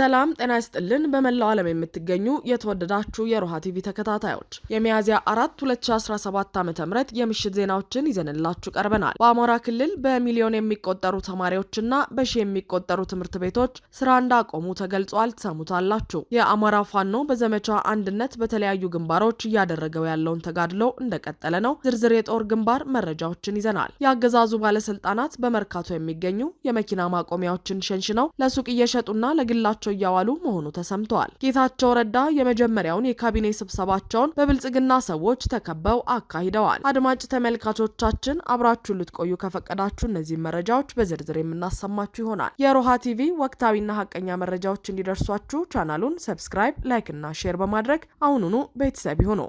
ሰላም ጤና ይስጥልን። በመላው ዓለም የምትገኙ የተወደዳችሁ የሮሃ ቲቪ ተከታታዮች የሚያዝያ አራት 2017 ዓ ም የምሽት ዜናዎችን ይዘንላችሁ ቀርበናል። በአማራ ክልል በሚሊዮን የሚቆጠሩ ተማሪዎችና በሺ የሚቆጠሩ ትምህርት ቤቶች ስራ እንዳቆሙ ተገልጿል። ትሰሙታላችሁ። የአማራ ፋኖ በዘመቻ አንድነት በተለያዩ ግንባሮች እያደረገው ያለውን ተጋድሎ እንደቀጠለ ነው። ዝርዝር የጦር ግንባር መረጃዎችን ይዘናል። የአገዛዙ ባለስልጣናት በመርካቶ የሚገኙ የመኪና ማቆሚያዎችን ሸንሽነው ለሱቅ እየሸጡና ለግላቸው ስራቸው እያዋሉ መሆኑ ተሰምተዋል። ጌታቸው ረዳ የመጀመሪያውን የካቢኔ ስብሰባቸውን በብልጽግና ሰዎች ተከበው አካሂደዋል። አድማጭ ተመልካቾቻችን አብራችሁ ልትቆዩ ከፈቀዳችሁ እነዚህ መረጃዎች በዝርዝር የምናሰማችሁ ይሆናል። የሮሃ ቲቪ ወቅታዊና ሀቀኛ መረጃዎች እንዲደርሷችሁ ቻናሉን ሰብስክራይብ፣ ላይክ እና ሼር በማድረግ አሁኑኑ ቤተሰብ ይሁኑ።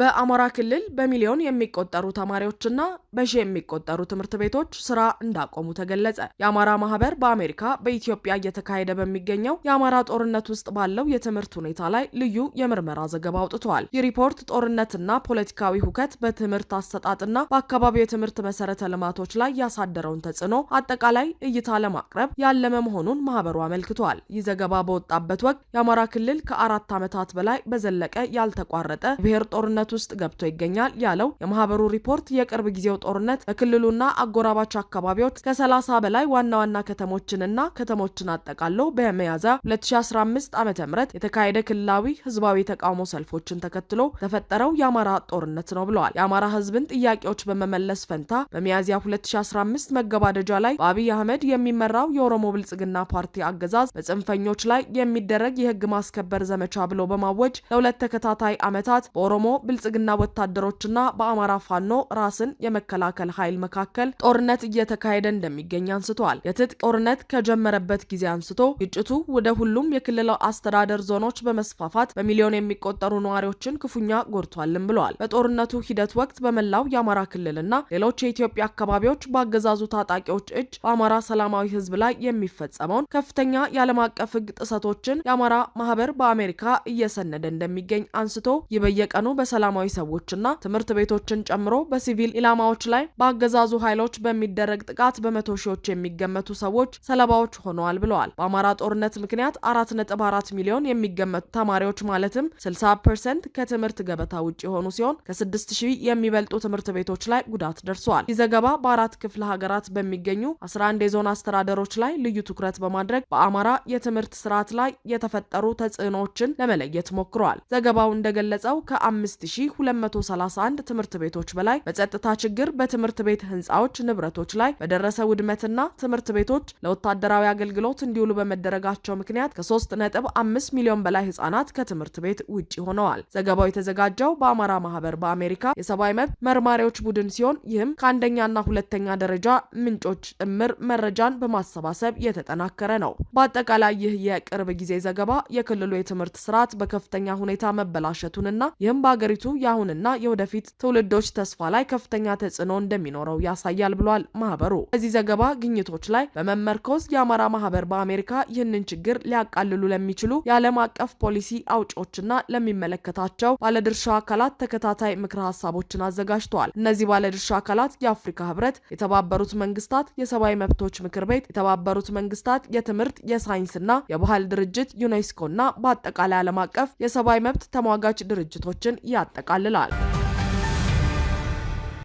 በአማራ ክልል በሚሊዮን የሚቆጠሩ ተማሪዎችና በሺ የሚቆጠሩ ትምህርት ቤቶች ስራ እንዳቆሙ ተገለጸ። የአማራ ማህበር በአሜሪካ በኢትዮጵያ እየተካሄደ በሚገኘው የአማራ ጦርነት ውስጥ ባለው የትምህርት ሁኔታ ላይ ልዩ የምርመራ ዘገባ አውጥተዋል። ይህ ሪፖርት ጦርነትና ፖለቲካዊ ሁከት በትምህርት አሰጣጥና በአካባቢው የትምህርት መሰረተ ልማቶች ላይ ያሳደረውን ተጽዕኖ አጠቃላይ እይታ ለማቅረብ ያለመ መሆኑን ማህበሩ አመልክቷል። ይህ ዘገባ በወጣበት ወቅት የአማራ ክልል ከአራት ዓመታት በላይ በዘለቀ ያልተቋረጠ ብሔር ጦርነት ጦርነት ውስጥ ገብቶ ይገኛል ያለው የማህበሩ ሪፖርት የቅርብ ጊዜው ጦርነት በክልሉና አጎራባች አካባቢዎች ከሰላሳ በላይ ዋና ዋና ከተሞችንና ከተሞችን አጠቃሎ በሚያዝያ 2015 ዓ ም የተካሄደ ክልላዊ ህዝባዊ ተቃውሞ ሰልፎችን ተከትሎ ተፈጠረው የአማራ ጦርነት ነው ብለዋል። የአማራ ህዝብን ጥያቄዎች በመመለስ ፈንታ በሚያዝያ 2015 መገባደጃ ላይ በአብይ አህመድ የሚመራው የኦሮሞ ብልጽግና ፓርቲ አገዛዝ በጽንፈኞች ላይ የሚደረግ የህግ ማስከበር ዘመቻ ብሎ በማወጅ ለሁለት ተከታታይ ዓመታት በኦሮሞ በብልጽግና ወታደሮችና በአማራ ፋኖ ራስን የመከላከል ኃይል መካከል ጦርነት እየተካሄደ እንደሚገኝ አንስተዋል። የትጥቅ ጦርነት ከጀመረበት ጊዜ አንስቶ ግጭቱ ወደ ሁሉም የክልል አስተዳደር ዞኖች በመስፋፋት በሚሊዮን የሚቆጠሩ ነዋሪዎችን ክፉኛ ጎድቷልም ብለዋል። በጦርነቱ ሂደት ወቅት በመላው የአማራ ክልልና ሌሎች የኢትዮጵያ አካባቢዎች በአገዛዙ ታጣቂዎች እጅ በአማራ ሰላማዊ ሕዝብ ላይ የሚፈጸመውን ከፍተኛ የዓለም አቀፍ ህግ ጥሰቶችን የአማራ ማህበር በአሜሪካ እየሰነደ እንደሚገኝ አንስቶ ይህ በየቀኑ በሰላም ሰላማዊ ሰዎችና ትምህርት ቤቶችን ጨምሮ በሲቪል ኢላማዎች ላይ በአገዛዙ ኃይሎች በሚደረግ ጥቃት በመቶ ሺዎች የሚገመቱ ሰዎች ሰለባዎች ሆነዋል ብለዋል። በአማራ ጦርነት ምክንያት አራት ነጥብ አራት ሚሊዮን የሚገመቱ ተማሪዎች ማለትም 60 ፐርሰንት ከትምህርት ገበታ ውጭ የሆኑ ሲሆን ከስድስት ሺህ የሚበልጡ ትምህርት ቤቶች ላይ ጉዳት ደርሰዋል። ይህ ዘገባ በአራት ክፍለ ሀገራት በሚገኙ 11 የዞን አስተዳደሮች ላይ ልዩ ትኩረት በማድረግ በአማራ የትምህርት ስርዓት ላይ የተፈጠሩ ተጽዕኖዎችን ለመለየት ሞክረዋል። ዘገባው እንደገለጸው ከአምስት 6231 ትምህርት ቤቶች በላይ በጸጥታ ችግር በትምህርት ቤት ህንፃዎች፣ ንብረቶች ላይ በደረሰ ውድመትና ትምህርት ቤቶች ለወታደራዊ አገልግሎት እንዲውሉ በመደረጋቸው ምክንያት ከ3.5 ሚሊዮን በላይ ህጻናት ከትምህርት ቤት ውጪ ሆነዋል። ዘገባው የተዘጋጀው በአማራ ማህበር በአሜሪካ የሰብአዊ መብት መርማሪዎች ቡድን ሲሆን ይህም ከአንደኛና ሁለተኛ ደረጃ ምንጮች ጥምር መረጃን በማሰባሰብ የተጠናከረ ነው። በአጠቃላይ ይህ የቅርብ ጊዜ ዘገባ የክልሉ የትምህርት ስርዓት በከፍተኛ ሁኔታ መበላሸቱንና ይህም በአገሪቱ በሀገሪቱ የአሁንና የወደፊት ትውልዶች ተስፋ ላይ ከፍተኛ ተጽዕኖ እንደሚኖረው ያሳያል ብሏል ማህበሩ። በዚህ ዘገባ ግኝቶች ላይ በመመርኮዝ የአማራ ማህበር በአሜሪካ ይህንን ችግር ሊያቃልሉ ለሚችሉ የዓለም አቀፍ ፖሊሲ አውጮችና ለሚመለከታቸው ባለድርሻ አካላት ተከታታይ ምክረ ሀሳቦችን አዘጋጅተዋል። እነዚህ ባለድርሻ አካላት የአፍሪካ ህብረት፣ የተባበሩት መንግስታት የሰብአዊ መብቶች ምክር ቤት፣ የተባበሩት መንግስታት የትምህርት የሳይንስና የባህል ድርጅት ዩኔስኮ እና በአጠቃላይ ዓለም አቀፍ የሰብአዊ መብት ተሟጋች ድርጅቶችን ያ ያጠቃልላል።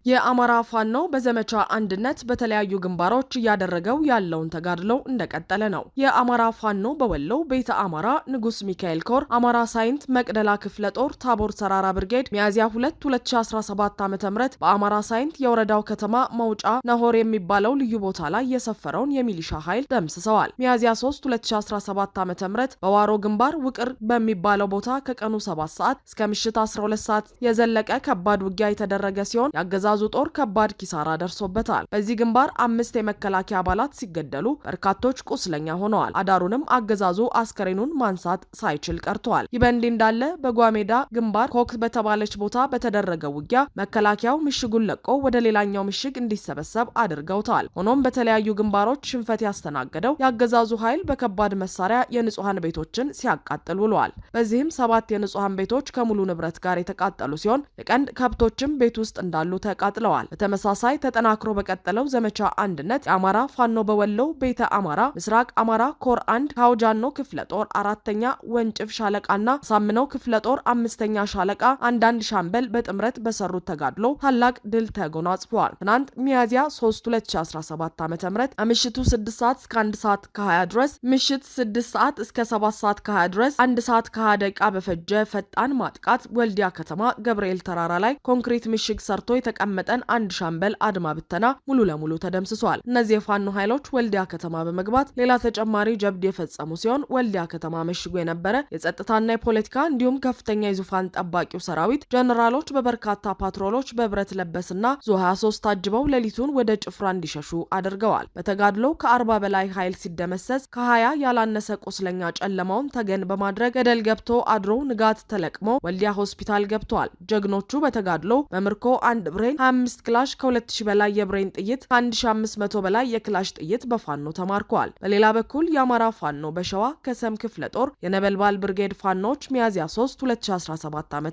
የአማራ ፋኖ በዘመቻ አንድነት በተለያዩ ግንባሮች እያደረገው ያለውን ተጋድሎ እንደቀጠለ ነው። የአማራ ፋኖ በወሎ ቤተ አማራ ንጉስ ሚካኤል ኮር አማራ ሳይንት መቅደላ ክፍለ ጦር ታቦር ሰራራ ብርጌድ ሚያዝያ 2 2017 ዓ ም በአማራ ሳይንት የወረዳው ከተማ መውጫ ነሆር የሚባለው ልዩ ቦታ ላይ የሰፈረውን የሚሊሻ ኃይል ደምስሰዋል። ሚያዝያ 3 2017 ዓ ም በዋሮ ግንባር ውቅር በሚባለው ቦታ ከቀኑ 7 ሰዓት እስከ ምሽት 12 ሰዓት የዘለቀ ከባድ ውጊያ የተደረገ ሲሆን ያገዛ የአገዛዙ ጦር ከባድ ኪሳራ ደርሶበታል። በዚህ ግንባር አምስት የመከላከያ አባላት ሲገደሉ በርካቶች ቁስለኛ ሆነዋል። አዳሩንም አገዛዙ አስከሬኑን ማንሳት ሳይችል ቀርተዋል። ይህ በእንዲህ እንዳለ በጓሜዳ ግንባር ኮክ በተባለች ቦታ በተደረገ ውጊያ መከላከያው ምሽጉን ለቆ ወደ ሌላኛው ምሽግ እንዲሰበሰብ አድርገውታል። ሆኖም በተለያዩ ግንባሮች ሽንፈት ያስተናገደው የአገዛዙ ኃይል በከባድ መሳሪያ የንጹሐን ቤቶችን ሲያቃጥል ውለዋል። በዚህም ሰባት የንጹሐን ቤቶች ከሙሉ ንብረት ጋር የተቃጠሉ ሲሆን የቀንድ ከብቶችም ቤት ውስጥ እንዳሉ ተቃ አቃጥለዋል። በተመሳሳይ ተጠናክሮ በቀጠለው ዘመቻ አንድነት የአማራ ፋኖ በወሎ ቤተ አማራ ምስራቅ አማራ ኮር አንድ ካውጃኖ ክፍለ ጦር አራተኛ ወንጭፍ ሻለቃና ሳምነው ክፍለ ጦር አምስተኛ ሻለቃ አንዳንድ ሻምበል በጥምረት በሰሩት ተጋድሎ ታላቅ ድል ተጎናጽፈዋል። ትናንት ሚያዝያ 3 2017 ዓ ም ከምሽቱ 6 ሰዓት እስከ 1 ሰዓት ከ20 ድረስ ምሽት 6 ሰዓት እስከ 7 ሰዓት ከ20 ድረስ 1 ሰዓት ከ20 ደቂቃ በፈጀ ፈጣን ማጥቃት ወልዲያ ከተማ ገብርኤል ተራራ ላይ ኮንክሪት ምሽግ ሰርቶ የተቀመ መጠን አንድ ሻምበል አድማ ብተና ሙሉ ለሙሉ ተደምስሷል። እነዚህ የፋኖ ኃይሎች ወልዲያ ከተማ በመግባት ሌላ ተጨማሪ ጀብድ የፈጸሙ ሲሆን ወልዲያ ከተማ መሽጎ የነበረ የጸጥታና የፖለቲካ እንዲሁም ከፍተኛ የዙፋን ጠባቂው ሰራዊት ጀነራሎች በበርካታ ፓትሮሎች በብረት ለበስና ዙ 23 ታጅበው ሌሊቱን ወደ ጭፍራ እንዲሸሹ አድርገዋል። በተጋድሎ ከ40 በላይ ኃይል ሲደመሰስ ከ20 ያላነሰ ቁስለኛ ጨለማውን ተገን በማድረግ ገደል ገብቶ አድሮ ንጋት ተለቅሞ ወልዲያ ሆስፒታል ገብተዋል። ጀግኖቹ በተጋድሎ በምርኮ አንድ ብሬን 25 ክላሽ ከ2000 በላይ የብሬን ጥይት ከ1500 በላይ የክላሽ ጥይት በፋኖ ተማርከዋል። በሌላ በኩል የአማራ ፋኖ በሸዋ ከሰም ክፍለ ጦር የነበልባል ብርጌድ ፋኖዎች ሚያዝያ 3 2017 ዓ ም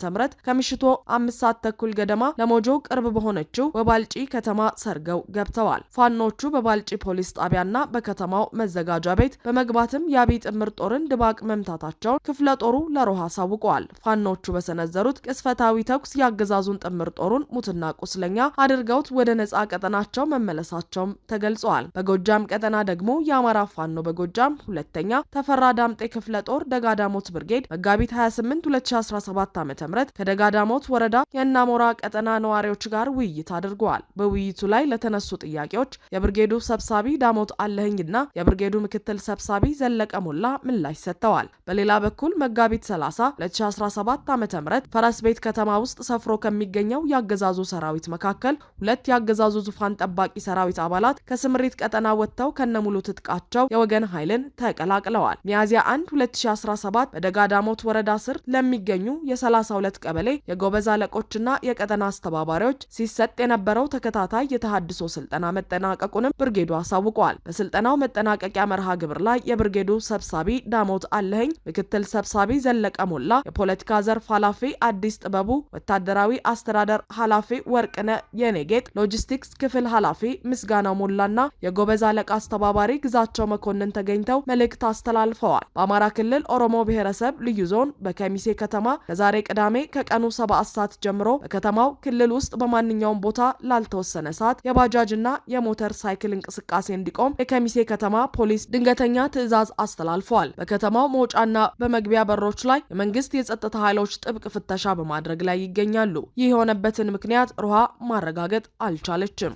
ከምሽቱ አምስት ሰዓት ተኩል ገደማ ለሞጆ ቅርብ በሆነችው በባልጪ ከተማ ሰርገው ገብተዋል። ፋኖቹ በባልጪ ፖሊስ ጣቢያና በከተማው መዘጋጃ ቤት በመግባትም የአብይ ጥምር ጦርን ድባቅ መምታታቸውን ክፍለ ጦሩ ለሮሃ አሳውቀዋል። ፋኖቹ በሰነዘሩት ቅስፈታዊ ተኩስ የአገዛዙን ጥምር ጦሩን ሙትና ቁስ ቁስለኛ አድርገውት ወደ ነጻ ቀጠናቸው መመለሳቸውም ተገልጿል። በጎጃም ቀጠና ደግሞ የአማራ ፋኖ በጎጃም ሁለተኛ ተፈራ ዳምጤ ክፍለ ጦር ደጋዳሞት ብርጌድ መጋቢት 28 2017 ዓ ም ከደጋዳሞት ወረዳ የእናሞራ ቀጠና ነዋሪዎች ጋር ውይይት አድርገዋል። በውይይቱ ላይ ለተነሱ ጥያቄዎች የብርጌዱ ሰብሳቢ ዳሞት አለህኝና የብርጌዱ ምክትል ሰብሳቢ ዘለቀ ሞላ ምላሽ ሰጥተዋል። በሌላ በኩል መጋቢት 30 2017 ዓ ም ፈረስ ቤት ከተማ ውስጥ ሰፍሮ ከሚገኘው የአገዛዙ ሰራዊት መካከል ሁለት የአገዛዙ ዙፋን ጠባቂ ሰራዊት አባላት ከስምሪት ቀጠና ወጥተው ከነሙሉ ትጥቃቸው የወገን ኃይልን ተቀላቅለዋል። ሚያዝያ 1 2017 በደጋዳሞት ወረዳ ስር ለሚገኙ የ32 ቀበሌ የጎበዝ አለቆችና የቀጠና አስተባባሪዎች ሲሰጥ የነበረው ተከታታይ የተሃድሶ ስልጠና መጠናቀቁንም ብርጌዱ አሳውቀዋል። በስልጠናው መጠናቀቂያ መርሃ ግብር ላይ የብርጌዱ ሰብሳቢ ዳሞት አለኸኝ፣ ምክትል ሰብሳቢ ዘለቀ ሞላ፣ የፖለቲካ ዘርፍ ኃላፊ አዲስ ጥበቡ፣ ወታደራዊ አስተዳደር ኃላፊ ወር ወርቅነ የኔጌጥ ሎጂስቲክስ ክፍል ኃላፊ ምስጋናው ሞላና የጎበዝ አለቃ አስተባባሪ ግዛቸው መኮንን ተገኝተው መልእክት አስተላልፈዋል። በአማራ ክልል ኦሮሞ ብሔረሰብ ልዩ ዞን በከሚሴ ከተማ ከዛሬ ቅዳሜ ከቀኑ ሰባት ሰዓት ጀምሮ በከተማው ክልል ውስጥ በማንኛውም ቦታ ላልተወሰነ ሰዓት የባጃጅና የሞተር ሳይክል እንቅስቃሴ እንዲቆም የከሚሴ ከተማ ፖሊስ ድንገተኛ ትዕዛዝ አስተላልፈዋል። በከተማው መውጫና በመግቢያ በሮች ላይ የመንግስት የጸጥታ ኃይሎች ጥብቅ ፍተሻ በማድረግ ላይ ይገኛሉ። ይህ የሆነበትን ምክንያት ሮሃ ማረጋገጥ አልቻለችም።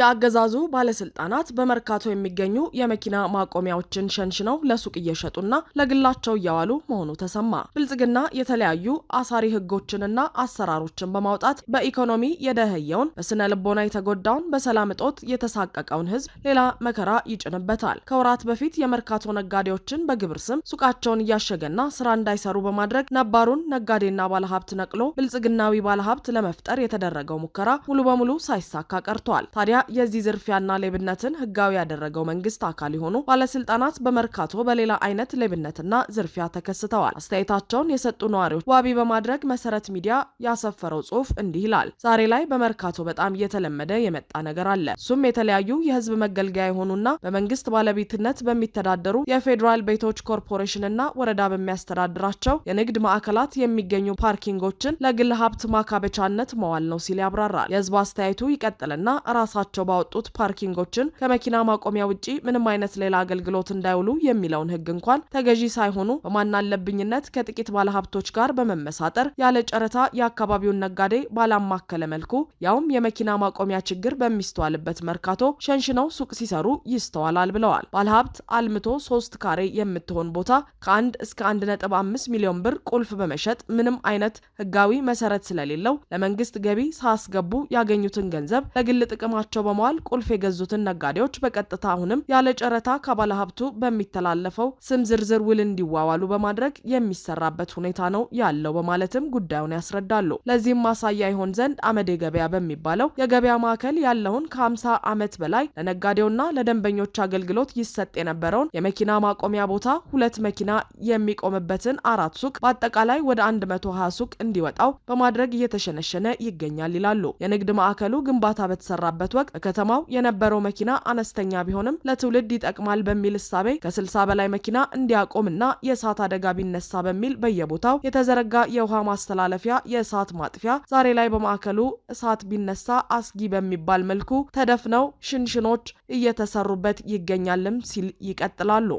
የአገዛዙ ባለስልጣናት በመርካቶ የሚገኙ የመኪና ማቆሚያዎችን ሸንሽነው ለሱቅ እየሸጡና ለግላቸው እያዋሉ መሆኑ ተሰማ። ብልጽግና የተለያዩ አሳሪ ህጎችንና አሰራሮችን በማውጣት በኢኮኖሚ የደህየውን በስነ ልቦና የተጎዳውን፣ በሰላም እጦት የተሳቀቀውን ህዝብ ሌላ መከራ ይጭንበታል። ከወራት በፊት የመርካቶ ነጋዴዎችን በግብር ስም ሱቃቸውን እያሸገና ስራ እንዳይሰሩ በማድረግ ነባሩን ነጋዴና ባለሀብት ነቅሎ ብልጽግናዊ ባለሀብት ለመፍጠር የተደረገው ሙከራ ሙሉ በሙሉ ሳይሳካ ቀርቷል። ታዲያ የዚህ ዝርፊያና ሌብነትን ህጋዊ ያደረገው መንግስት አካል የሆኑ ባለስልጣናት በመርካቶ በሌላ አይነት ሌብነትና ዝርፊያ ተከስተዋል። አስተያየታቸውን የሰጡ ነዋሪዎች ዋቢ በማድረግ መሰረት ሚዲያ ያሰፈረው ጽሁፍ እንዲህ ይላል። ዛሬ ላይ በመርካቶ በጣም እየተለመደ የመጣ ነገር አለ። እሱም የተለያዩ የህዝብ መገልገያ የሆኑና በመንግስት ባለቤትነት በሚተዳደሩ የፌዴራል ቤቶች ኮርፖሬሽንና ወረዳ በሚያስተዳድራቸው የንግድ ማዕከላት የሚገኙ ፓርኪንጎችን ለግል ሀብት ማካበቻነት መዋል ነው ሲል ያብራራል። የህዝቡ አስተያየቱ ይቀጥልና ራሳቸው ራሳቸው ባወጡት ፓርኪንጎችን ከመኪና ማቆሚያ ውጪ ምንም አይነት ሌላ አገልግሎት እንዳይውሉ የሚለውን ህግ እንኳን ተገዢ ሳይሆኑ በማናለብኝነት ከጥቂት ባለሀብቶች ጋር በመመሳጠር ያለ ጨረታ የአካባቢውን ነጋዴ ባላማከለ መልኩ ያውም የመኪና ማቆሚያ ችግር በሚስተዋልበት መርካቶ ሸንሽነው ሱቅ ሲሰሩ ይስተዋላል ብለዋል። ባለሀብት አልምቶ ሶስት ካሬ የምትሆን ቦታ ከአንድ እስከ አንድ ነጥብ አምስት ሚሊዮን ብር ቁልፍ በመሸጥ ምንም አይነት ህጋዊ መሰረት ስለሌለው ለመንግስት ገቢ ሳስገቡ ያገኙትን ገንዘብ ለግል ጥቅማቸው ተዘጋጅቶ በመዋል ቁልፍ የገዙትን ነጋዴዎች በቀጥታ አሁንም ያለ ጨረታ ከባለ ሀብቱ በሚተላለፈው ስም ዝርዝር ውል እንዲዋዋሉ በማድረግ የሚሰራበት ሁኔታ ነው ያለው በማለትም ጉዳዩን ያስረዳሉ። ለዚህም ማሳያ ይሆን ዘንድ አመዴ ገበያ በሚባለው የገበያ ማዕከል ያለውን ከ50 ዓመት በላይ ለነጋዴውና ለደንበኞች አገልግሎት ይሰጥ የነበረውን የመኪና ማቆሚያ ቦታ ሁለት መኪና የሚቆምበትን አራት ሱቅ በአጠቃላይ ወደ 120 ሱቅ እንዲወጣው በማድረግ እየተሸነሸነ ይገኛል ይላሉ። የንግድ ማዕከሉ ግንባታ በተሰራበት ወቅት በከተማው የነበረው መኪና አነስተኛ ቢሆንም ለትውልድ ይጠቅማል በሚል እሳቤ ከ60 በላይ መኪና እንዲያቆምና የእሳት አደጋ ቢነሳ በሚል በየቦታው የተዘረጋ የውሃ ማስተላለፊያ የእሳት ማጥፊያ ዛሬ ላይ በማዕከሉ እሳት ቢነሳ አስጊ በሚባል መልኩ ተደፍነው ሽንሽኖች እየተሰሩበት ይገኛልም ሲል ይቀጥላሉ።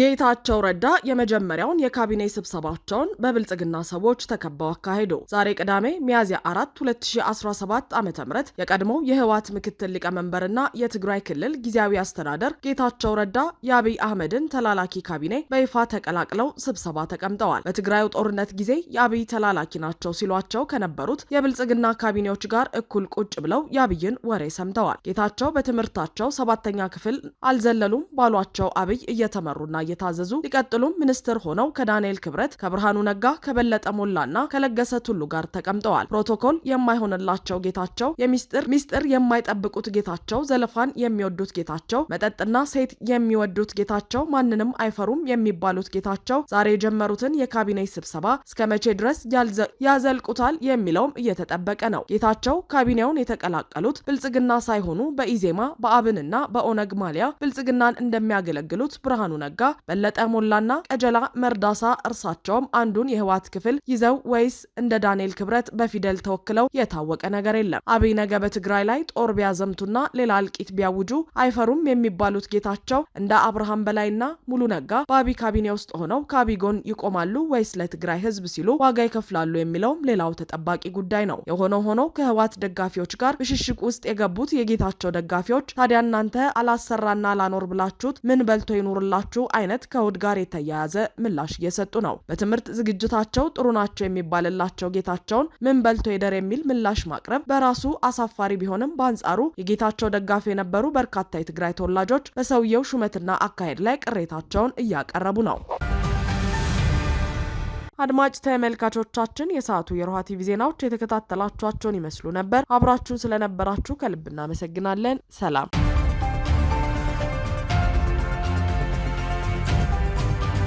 ጌታቸው ረዳ የመጀመሪያውን የካቢኔ ስብሰባቸውን በብልጽግና ሰዎች ተከበው አካሄዱ። ዛሬ ቅዳሜ ሚያዝያ 4 2017 ዓ ም የቀድሞው የህወሓት ምክትል ሊቀመንበርና የትግራይ ክልል ጊዜያዊ አስተዳደር ጌታቸው ረዳ የአብይ አህመድን ተላላኪ ካቢኔ በይፋ ተቀላቅለው ስብሰባ ተቀምጠዋል። በትግራዩ ጦርነት ጊዜ የአብይ ተላላኪ ናቸው ሲሏቸው ከነበሩት የብልጽግና ካቢኔዎች ጋር እኩል ቁጭ ብለው የአብይን ወሬ ሰምተዋል። ጌታቸው በትምህርታቸው ሰባተኛ ክፍል አልዘለሉም ባሏቸው አብይ እየተመሩና እየታዘዙ ሊቀጥሉም ሚኒስትር ሆነው ከዳንኤል ክብረት፣ ከብርሃኑ ነጋ፣ ከበለጠ ሞላና ከለገሰ ቱሉ ጋር ተቀምጠዋል። ፕሮቶኮል የማይሆንላቸው ጌታቸው፣ የሚስጥር ሚስጥር የማይጠብቁት ጌታቸው፣ ዘለፋን የሚወዱት ጌታቸው፣ መጠጥና ሴት የሚወዱት ጌታቸው፣ ማንንም አይፈሩም የሚባሉት ጌታቸው ዛሬ የጀመሩትን የካቢኔ ስብሰባ እስከ መቼ ድረስ ያዘልቁታል የሚለውም እየተጠበቀ ነው። ጌታቸው ካቢኔውን የተቀላቀሉት ብልጽግና ሳይሆኑ በኢዜማ በአብንና በኦነግ ማሊያ ብልጽግናን እንደሚያገለግሉት ብርሃኑ ነጋ በለጠ ሞላና ቀጀላ መርዳሳ እርሳቸውም አንዱን የህወሓት ክፍል ይዘው ወይስ እንደ ዳንኤል ክብረት በፊደል ተወክለው የታወቀ ነገር የለም። አብይ ነገ በትግራይ ላይ ጦር ቢያዘምቱና ሌላ እልቂት ቢያውጁ አይፈሩም የሚባሉት ጌታቸው እንደ አብርሃም በላይና ሙሉ ነጋ በአብይ ካቢኔ ውስጥ ሆነው ከአብይ ጎን ይቆማሉ ወይስ ለትግራይ ህዝብ ሲሉ ዋጋ ይከፍላሉ የሚለውም ሌላው ተጠባቂ ጉዳይ ነው። የሆነ ሆኖ ከህወሓት ደጋፊዎች ጋር ብሽሽቅ ውስጥ የገቡት የጌታቸው ደጋፊዎች ታዲያ እናንተ አላሰራና አላኖር ብላችሁት ምን በልቶ ይኑርላችሁ አይነት ከውድ ጋር የተያያዘ ምላሽ እየሰጡ ነው። በትምህርት ዝግጅታቸው ጥሩ ናቸው የሚባልላቸው ጌታቸውን ምን በልቶ ሄደር የሚል ምላሽ ማቅረብ በራሱ አሳፋሪ ቢሆንም በአንጻሩ የጌታቸው ደጋፊ የነበሩ በርካታ የትግራይ ተወላጆች በሰውየው ሹመትና አካሄድ ላይ ቅሬታቸውን እያቀረቡ ነው። አድማጭ ተመልካቾቻችን የሰዓቱ የሮሃ ቲቪ ዜናዎች የተከታተላችኋቸውን ይመስሉ ነበር። አብራችሁን ስለነበራችሁ ከልብ እናመሰግናለን። ሰላም